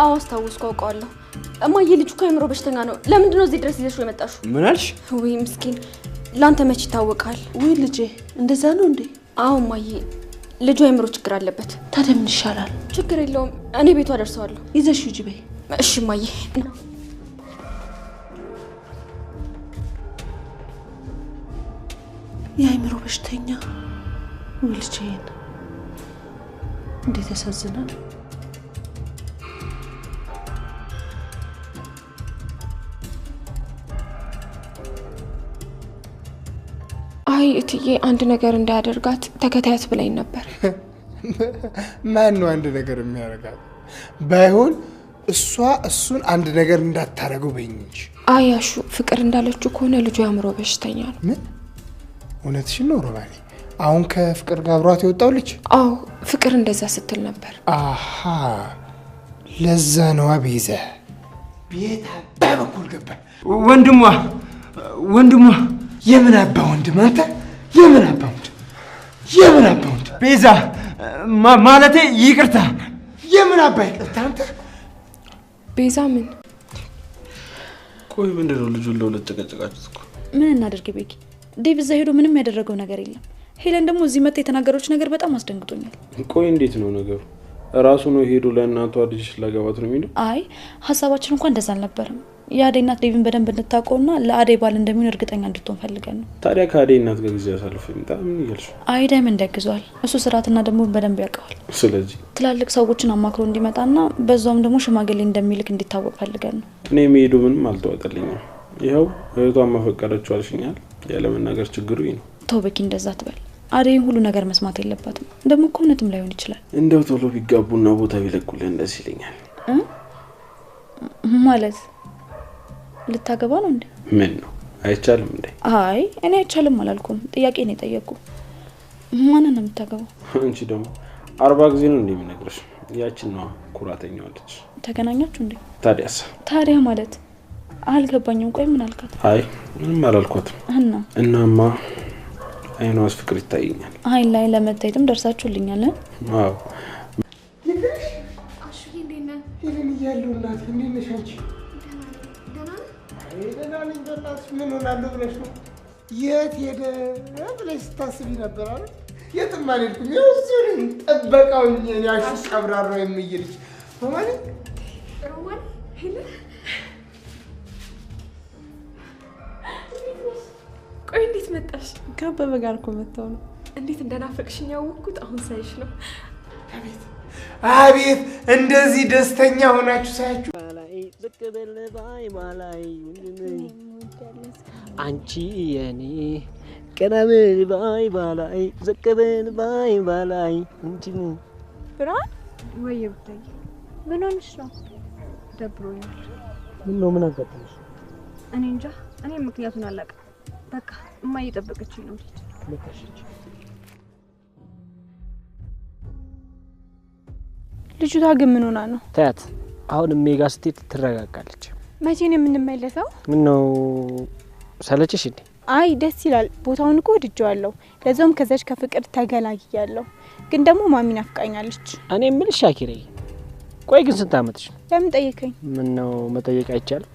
አዎ አስታወስኩ፣ አውቀዋለሁ። እማዬ፣ ልጅ እኮ አይምሮ በሽተኛ ነው። ለምንድን ነው እዚህ ድረስ ይዘሽው የመጣሽው? ምን አልሽ? ውይ ምስኪን፣ ለአንተ መች ይታወቃል። ውይ ልጄ፣ እንደዛ ነው እንዴ? አዎ እማዬ፣ ልጁ አይምሮ ችግር አለበት። ታዲያ ምን ይሻላል? ችግር የለውም፣ እኔ ቤቷ ደርሰዋለሁ። ይዘሽ ሂጂ በይ። እሺ እማዬ። የአእምሮ በሽተኛ ውይ፣ ልጄን እንዴት ያሳዝናል። አይ እትዬ አንድ ነገር እንዳያደርጋት ተከታያት ብላኝ ነበር። ማን ነው አንድ ነገር የሚያደርጋት? ባይሆን እሷ እሱን አንድ ነገር እንዳታረገው በይኝ እንጂ። አይ አሹ፣ ፍቅር እንዳለችው ከሆነ ልጁ የአእምሮ በሽተኛ ነው። ምን? እውነትሽን ነው ሮማኔ። አሁን ከፍቅር ጋር አብሯት የወጣው ልጅ? አዎ፣ ፍቅር እንደዛ ስትል ነበር። አሀ ለዛ ነዋ ቤዛ። ቤታ በበኩል ገባ ወንድሟ ወንድሟ የምን አባ ወንድም አንተ፣ የምን አባ ወንድም፣ የምን አባ ወንድም። ቤዛ ማለቴ ይቅርታ። የምን አባ ይቅርታ አንተ ቤዛ። ምን ቆይ፣ ምንድን ነው ልጁን ለሁለት ጨቀጨቃችሁት እኮ። ምን እናደርግ ቤኪ፣ ዴቭ እዛ ሄዶ ምንም ያደረገው ነገር የለም። ሄለን ደግሞ እዚህ መጣ የተናገረች ነገር በጣም አስደንግጦኛል። ቆይ እንዴት ነው ነገሩ? ራሱ ነው ሄዶ ለእናቷ ልጅ ላገባት ነው የሚለው? አይ ሀሳባችን እንኳን እንደዛ አልነበረም። የአደይ እናት ዴቪን በደንብ እንድታውቀውና ለአደይ ባል እንደሚሆን እርግጠኛ እንድትሆን ፈልገን ነው። ታዲያ ከአደይ እናት ጋር ጊዜ ያሳልፍ በጣም ይገልሽ አይዳይ ምን ደግዟል። እሱ ስርዓትና ደግሞ በደንብ ያውቀዋል። ስለዚህ ትላልቅ ሰዎችን አማክሮ እንዲመጣና በዛውም ደግሞ ሽማግሌ እንደሚልክ እንዲታወቅ ፈልገን ነው። እኔ የሚሄዱ ምንም አልተዋጠልኝም። ይኸው እህቷን መፈቀደችው አልሽኛል። ያለመናገር ችግሩ ነው። ተው እንደዛ ትበል። አደይም ሁሉ ነገር መስማት የለባትም። ደግሞ እኮ እውነትም ላይሆን ይችላል። እንደው ቶሎ ቢጋቡና ቦታ ቢለቁልን ደስ ይለኛል ማለት ልታገባ ነው እንዴ? ምን ነው አይቻልም እንዴ? አይ እኔ አይቻልም አላልኩም። ጥያቄ ነው የጠየቅኩ። ማንን ነው የምታገባው? አንቺ ደግሞ አርባ ጊዜ ነው እንዴ የምነግርሽ? ያችን ነዋ ኩራተኛዋለች። ተገናኛችሁ እንዴ? ታዲያስ? ታዲያ ማለት አልገባኝም። ቆይ ምን አልካት? አይ ምንም አላልኳትም። እና እናማ አይኗ ፍቅር ይታየኛል። አይን ላይ ለመታየትም ደርሳችሁልኛል። አዎ ደህና ነኝ። በእናትሽ ምን ሆናለሁ ብለሽ ነው? የት ሄደ ብለሽ ስታስቢ ነበር አይደል? የትም አልሄድኩም። ይኸው እዚሁ ነኝ። ጠበቃው ያሽ ቀብራራ የምይልሽ ሮማን ሮማን ሄለ ቆይ እንዴት መጣሽ? ከአበበ ጋር እኮ መጥተው ነው። እንዴት እንደናፈቅሽኝ ያወቅኩት አሁን ሳይሽ ነው። አቤት አቤት! እንደዚህ ደስተኛ ሆናችሁ ሳያችሁ ዝቅ ብል ባይ ማላይ አንቺ የኔ ቀናብል ባይ ባላይ ዝቅ ብል ባይ ባላይ እንጂ ብርሃን ወይ ብታይ ምን ሆንሽ ነው? ደብሮኛል። ምን ነው ምን አጋጠመሽ? እኔ እንጃ። እኔ ምክንያቱን አላውቅም። በቃ እማዬ ጠበቀችኝ ነው ልጅቷ ግን ምን ሆና ነው? ታያት አሁን ሜጋ ስትሄድ ትረጋጋለች። መቼ ነው የምንመለሰው? ምን ነው ሰለችሽ እንዴ? አይ ደስ ይላል። ቦታውን እኮ ወድጀዋለሁ። ለዛውም ከዛች ከፍቅር ተገላግያለሁ። ግን ደግሞ ማሚን አፍቃኛለች። እኔ የምልሽ ሻኪሬ፣ ቆይ ግን ስንት አመትሽ ነው? ለምን ጠየቀኝ? ምን ነው መጠየቅ አይቻልም?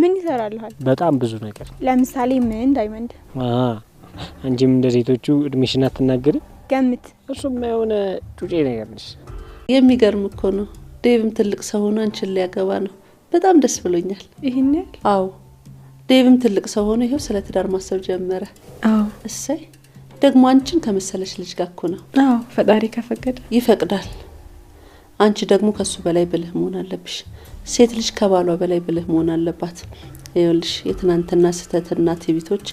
ምን ይሰራልሃል? በጣም ብዙ ነገር። ለምሳሌ ምን? ዳይመንድ። አንቺም እንደ ሴቶቹ እድሜሽን አትናገሪ። ገምት። እሱም የሆነ ጩጬ ነገር ነሽ። የሚገርም እኮ ነው ዴቭም ትልቅ ሰው ሆኖ አንቺን ሊያገባ ነው። በጣም ደስ ብሎኛል። ይህን ያህል? አዎ ዴቭም ትልቅ ሰው ሆኖ ይኸው ስለ ትዳር ማሰብ ጀመረ። አዎ እሰይ። ደግሞ አንቺን ከመሰለች ልጅ ጋር እኮ ነው። አዎ ፈጣሪ ከፈቀደ ይፈቅዳል። አንቺ ደግሞ ከሱ በላይ ብልህ መሆን አለብሽ። ሴት ልጅ ከባሏ በላይ ብልህ መሆን አለባት። ይኸውልሽ የትናንትና ስህተትና ትዕቢቶች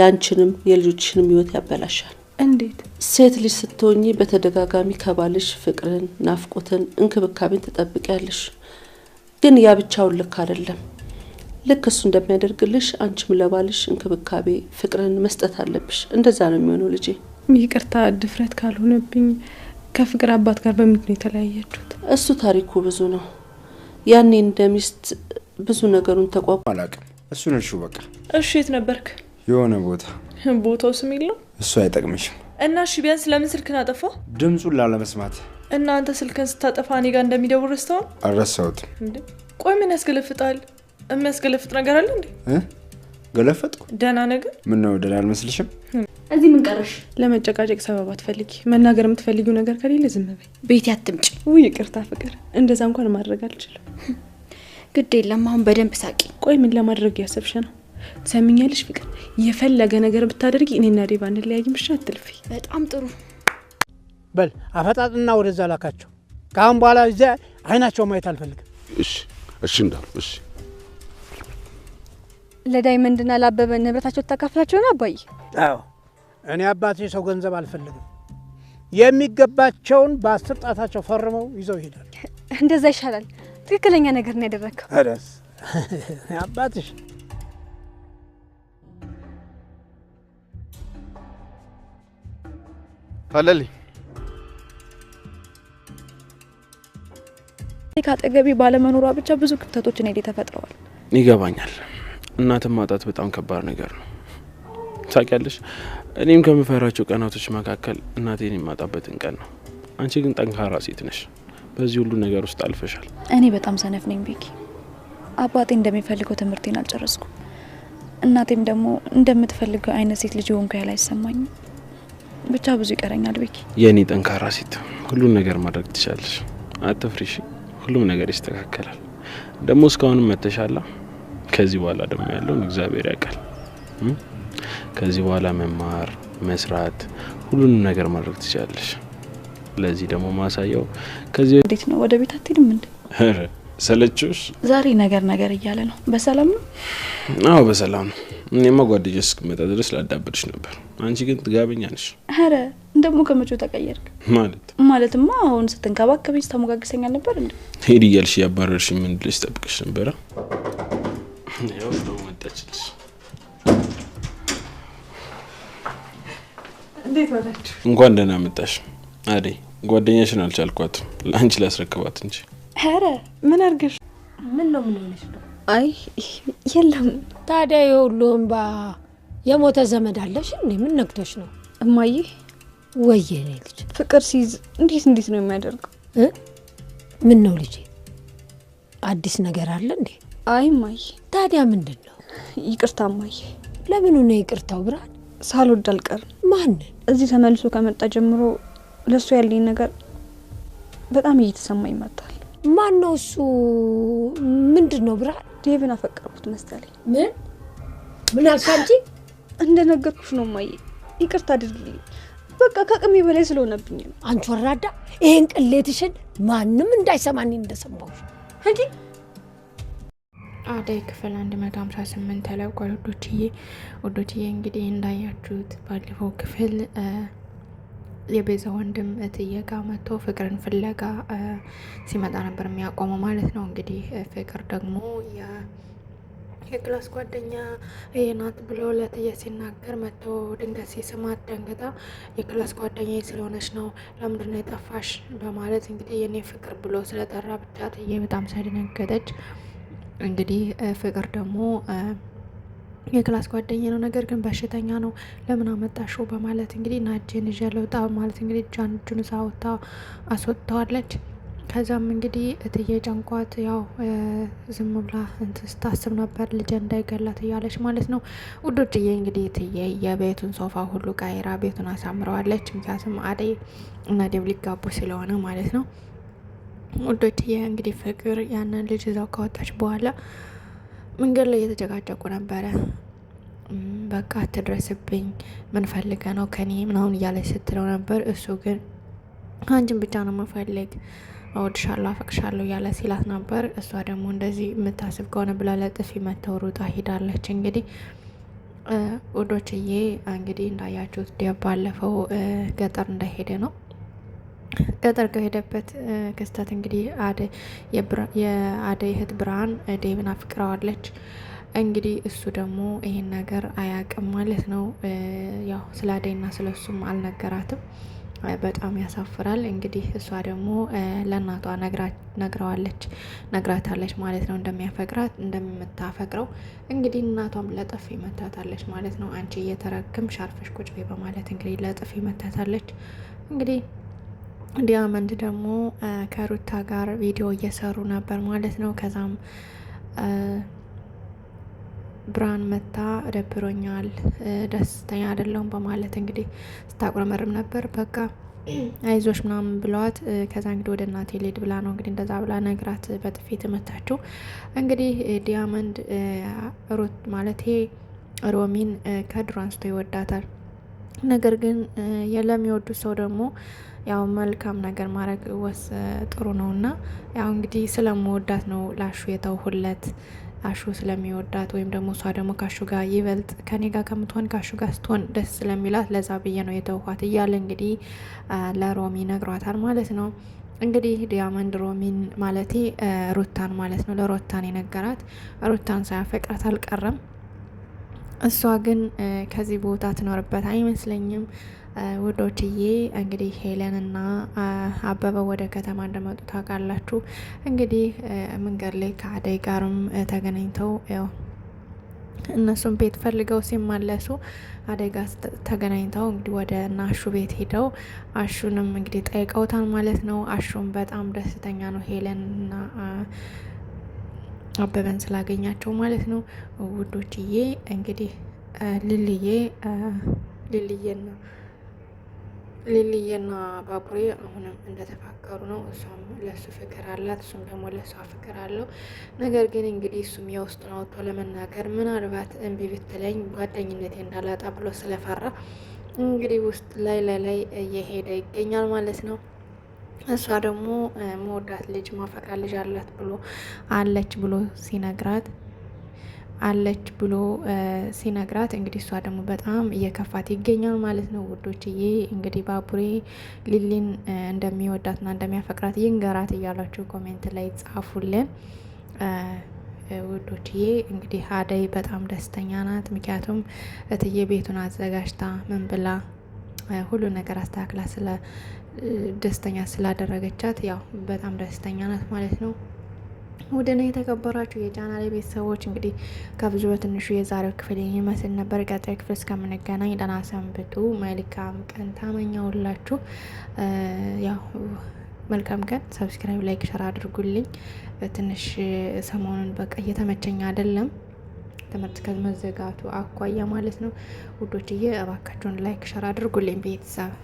የአንቺንም የልጆችንም ህይወት ያበላሻል። እንዴት? ሴት ልጅ ስትሆኚ በተደጋጋሚ ከባልሽ ፍቅርን፣ ናፍቆትን፣ እንክብካቤን ትጠብቂያለሽ። ግን ያ ብቻውን ልክ አይደለም። ልክ እሱ እንደሚያደርግልሽ አንቺም ለባልሽ እንክብካቤ፣ ፍቅርን መስጠት አለብሽ። እንደዛ ነው የሚሆነው ልጄ። ይቅርታ ድፍረት ካልሆነብኝ ከፍቅር አባት ጋር በምንድን ነው የተለያያችሁት? እሱ ታሪኩ ብዙ ነው። ያኔ እንደ ሚስት ብዙ ነገሩን ተቋቋ አላቅም። እሱን እርሹ በቃ። እሺ የት ነበርክ? የሆነ ቦታ ቦታው ስም የለው እሱ አይጠቅምሽም። እና እሺ ቢያንስ ለምን ስልክን አጠፋ? ድምፁን ላለመስማት። እናንተ ስልክን ስታጠፋ እኔ ጋር እንደሚደውል ረስተዋል? አልረሳሁትም። ቆይ ምን ያስገለፍጣል? የሚያስገለፍጥ ነገር አለ እንዴ? ገለፈጥኩ። ደህና ነገር ምን ነው? ደህና አልመስልሽም? እዚህ ምን ቀረሽ? ለመጨቃጨቅ ሰበብ አትፈልጊ። መናገር የምትፈልጊው ነገር ከሌለ ዝም በይ። ቤቴ ው ውይ ይቅርታ ፍቅር፣ እንደዛ እንኳን ማድረግ አልችልም። ግድ የለም አሁን በደንብ ሳቂ። ቆይ ምን ለማድረግ እያሰብሽ ነው? ትሰሚኛለሽ ፍቅር፣ የፈለገ ነገር ብታደርጊ እኔና ዴቭ አንለያይም። እሺ አትልፊ። በጣም ጥሩ በል አፈጣጥና ወደዛ ላካቸው። ከአሁን በኋላ እዚያ አይናቸው ማየት አልፈልግም። እሺ እሺ፣ እንዳሉ እሺ። ለዳይመንድና ለአበበ ንብረታቸው ተካፍላቸውን አባዬ። አዎ እኔ አባቴ ሰው ገንዘብ አልፈልግም። የሚገባቸውን በአስር ጣታቸው ፈርመው ይዘው ይሄዳል። እንደዛ ይሻላል። ትክክለኛ ነገር ነው ያደረግከው። ደስ አባትሽ ታለልኝ ካጠገቤ ባለመኖሯ ብቻ ብዙ ክፍተቶች እኔ ላይ ተፈጥረዋል። ይገባኛል። እናትን ማጣት በጣም ከባድ ነገር ነው። ታውቂያለሽ፣ እኔም ከምፈራቸው ቀናቶች መካከል እናቴን የማጣበትን ቀን ነው። አንቺ ግን ጠንካራ ሴት ነሽ። በዚህ ሁሉ ነገር ውስጥ አልፈሻል። እኔ በጣም ሰነፍ ነኝ ቤኪ። አባቴ እንደሚፈልገው ትምህርቴን አልጨረስኩም። እናቴም ደግሞ እንደምትፈልገው አይነት ሴት ልጅ ሆንኩ ያህል አይሰማኝም። ብቻ ብዙ ይቀረኛል። ቤኪ የእኔ ጠንካራ ሴት፣ ሁሉን ነገር ማድረግ ትችላለች። አትፍሪሽ፣ ሁሉም ነገር ይስተካከላል። ደግሞ እስካሁንም መተሻላ። ከዚህ በኋላ ደግሞ ያለውን እግዚአብሔር ያውቃል። ከዚህ በኋላ መማር፣ መስራት፣ ሁሉንም ነገር ማድረግ ትችላለች። ለዚህ ደግሞ ማሳያው ከዚህ እንዴት ነው ወደ ቤት አትሄድም እንዴ? ሰለችሽ? ዛሬ ነገር ነገር እያለ ነው። በሰላም ነው? አዎ በሰላም ነው። እኔማ ጓደኛ እስክመጣ ድረስ ላዳበድሽ ነበር። አንቺ ግን ጥጋበኛ ነሽ። ኧረ እንደሞ ከመቼው ተቀየርክ? ማለት ማለትማ አሁን ስትንከባከበኝ ስታሞጋግሰኛል ነበር እንዴ? ሄድ እያልሽ እያባረርሽ ምን ልጅ ጠብቅሽ ነበረ። ያው መጣችልሽ። እንዴት ዋላችሁ? እንኳን ደህና መጣሽ አዴ። ጓደኛሽን አልቻልኳትም፣ ለአንቺ ላስረክባት እንጂ። ኧረ ምን አርገሽ? ምን ነው ምን ሆነሽ ነው አይ የለም። ታዲያ የሁሉ እንባ የሞተ ዘመድ አለሽ? እኔ ምን ነግቶች ነው እማዬ? ወየ ልጅ ፍቅር ሲይዝ እንዴት እንዴት ነው የሚያደርገው? ምን ነው ልጅ አዲስ ነገር አለ እንዴ? አይ እማዬ። ታዲያ ምንድን ነው? ይቅርታ እማዬ። ለምኑ ነው ይቅርታው? ብርሃን ሳልወድ አልቀርም። ማንን? እዚህ ተመልሶ ከመጣ ጀምሮ ለእሱ ያለኝ ነገር በጣም እየተሰማ ይመጣል። ማን ነው እሱ? ምንድን ነው ብርሃን ዴቭን አፈቀርኩት መሰለኝ። ምን ምን አልሽ አንቺ? እንደነገርኩሽ ነው ማየ፣ ይቅርታ አድርግልኝ። በቃ ከአቅሜ በላይ ስለሆነብኝ ነው። አንቺ ወራዳ፣ ይሄን ቅሌትሽን ማንም እንዳይሰማኝ እንደሰማሁሽ እንዲህ አደይ ክፍል 158 ተለቋል። ውዶችዬ ውዶችዬ እንግዲህ እንዳያችሁት ባለፈው ክፍል የቤዛ ወንድም እትዬ ጋ መጥቶ ፍቅርን ፍለጋ ሲመጣ ነበር የሚያቆመው ማለት ነው። እንግዲህ ፍቅር ደግሞ የክላስ ጓደኛ ናት ብሎ ለትየ ሲናገር መጥቶ ድንገት ሲስማት ደንግጣ የክላስ ጓደኛ ስለሆነች ነው ለምንድን ነው የጠፋሽ በማለት እንግዲህ የኔ ፍቅር ብሎ ስለጠራ ብቻ እትዬ በጣም ሳይደነገጠች እንግዲህ ፍቅር ደግሞ የክላስ ጓደኛ ነው፣ ነገር ግን በሽተኛ ነው። ለምን አመጣሽው በማለት እንግዲህ ናጄን ይዤ ልውጣ ማለት እንግዲህ እጇን እጁን ይዛ አስወጥተዋለች። ከዛም እንግዲህ እትዬ ጨንቋት ያው ዝም ብላ እንትን ስታስብ ነበር ልጅ እንዳይገላት እያለች ማለት ነው። ውዶችዬ እንግዲህ እትዬ የቤቱን ሶፋ ሁሉ ቀይራ ቤቱን አሳምረዋለች። ምክንያቱም አደይ እና ዴብ ሊጋቡ ስለሆነ ማለት ነው። ውዶችዬ እንግዲህ ፍቅር ያንን ልጅ ዛው ካወጣች በኋላ መንገድ ላይ እየተጨቃጨቁ ነበረ። በቃ አትድረስብኝ፣ ምን ፈልገ ነው ከኔ ምናምን እያለች ስትለው ነበር። እሱ ግን አንቺን ብቻ ነው መፈልግ እወድሻለሁ፣ አፈቅሻለሁ እያለ ሲላት ነበር። እሷ ደግሞ እንደዚህ የምታስብ ከሆነ ብላ ለጥፊ መተው ሩጣ ሂዳለች። እንግዲህ ውዶችዬ እንግዲህ እንዳያችሁት ዲያ ባለፈው ገጠር እንደሄደ ነው ገጠር ከሄደበት ክስተት እንግዲህ የአደይ እህት ብርሃን ዴብን አፍቅረዋለች። እንግዲህ እሱ ደግሞ ይሄን ነገር አያውቅም ማለት ነው። ያው ስለ አደይና ስለ እሱም አልነገራትም። በጣም ያሳፍራል። እንግዲህ እሷ ደግሞ ለእናቷ ነግረዋለች ነግራታለች ማለት ነው እንደሚያፈቅራት እንደምታፈቅረው። እንግዲህ እናቷም ለጥፊ መታታለች ማለት ነው። አንቺ እየተረክም ሻርፈሽ ቁጭ በማለት እንግዲህ ለጥፊ መታታለች እንግዲህ ዲያመንድ ደግሞ ከሩታ ጋር ቪዲዮ እየሰሩ ነበር ማለት ነው። ከዛም ብርሃን መታ ደብሮኛል፣ ደስተኛ አይደለሁም በማለት እንግዲህ ስታቁረመርም ነበር። በቃ አይዞሽ ምናምን ብለዋት ከዛ እንግዲህ ወደ እናቴ ልሄድ ብላ ነው እንግዲህ እንደዛ ብላ ነግራት በጥፊ ትመታችው። እንግዲህ ዲያመንድ ሩት ማለት ሮሚን ከድሮ አንስቶ ይወዳታል። ነገር ግን ለሚወዱት ሰው ደግሞ ያው መልካም ነገር ማድረግ ወስ ጥሩ ነው እና ያው እንግዲህ ስለምወዳት ነው ላሹ የተውሁለት። አሹ ስለሚወዳት ወይም ደግሞ እሷ ደግሞ ካሹ ጋር ይበልጥ ከኔ ጋር ከምትሆን ካሹ ጋር ስትሆን ደስ ስለሚላት ለዛ ብዬ ነው የተውኋት እያለ እንግዲህ ለሮሚ ነግሯታል ማለት ነው። እንግዲህ ዲያመንድ ሮሚን ማለቴ ሩታን ማለት ነው ለሮታን የነገራት ሩታን ሳያፈቅራት አልቀረም። እሷ ግን ከዚህ ቦታ ትኖርበት አይመስለኝም። ውዶችዬ እንግዲህ ሄለንና አበበ ወደ ከተማ እንደመጡ ታውቃላችሁ። እንግዲህ መንገድ ላይ ከአደይ ጋርም ተገናኝተው ያው እነሱም ቤት ፈልገው ሲመለሱ አደጋ ተገናኝተው እንግዲህ ወደ ናሹ ቤት ሄደው አሹንም እንግዲህ ጠይቀውታል ማለት ነው። አሹም በጣም ደስተኛ ነው ሄለንና አበበን ስላገኛቸው ማለት ነው። ውዶችዬ እንግዲህ ልልዬ ልልዬና ሊሊዬና ባቡሬ አሁንም እንደተፋቀሩ ነው። እሷም ለሱ ፍቅር አላት፣ እሱም ደግሞ ለሷ ፍቅር አለው። ነገር ግን እንግዲህ እሱም የውስጡን አውጥቶ ለመናገር ምናልባት እምቢ ብትለኝ ጓደኝነቴ እንዳላጣ ብሎ ስለፈራ እንግዲህ ውስጥ ላይ ላይ እየሄደ ይገኛል ማለት ነው። እሷ ደግሞ መወዳት ልጅ ማፈቃ ልጅ አላት ብሎ አለች ብሎ ሲነግራት አለች ብሎ ሲነግራት እንግዲህ እሷ ደግሞ በጣም እየከፋት ይገኛል ማለት ነው። ውዶችዬ እንግዲህ ባቡሬ ሊሊን እንደሚወዳትና እንደሚያፈቅራት ይንገራት እያሏቸው ኮሜንት ላይ ጻፉልን። ውዶችዬ እንግዲህ አደይ በጣም ደስተኛ ናት። ምክንያቱም እትዬ ቤቱን አዘጋጅታ ምን ብላ ሁሉ ነገር አስተካክላ ስለ ደስተኛ ስላደረገቻት ያው በጣም ደስተኛ ናት ማለት ነው። ውድና የተከበራችሁ የጫና ላይ ቤተሰቦች እንግዲህ ከብዙ በትንሹ የዛሬው ክፍል ይመስል ነበር። ቀጣይ ክፍል እስከምንገናኝ ደህና ሰንብቱ። መልካም ቀን ታመኘውላችሁ። ያው መልካም ቀን። ሰብስክራይብ፣ ላይክ፣ ሸር አድርጉልኝ። ትንሽ ሰሞኑን በቃ እየተመቸኝ አይደለም ትምህርት ከመዘጋቱ አኳያ ማለት ነው። ውዶችዬ እባካችሁን ላይክ ሸር አድርጉልኝ ቤተሰብ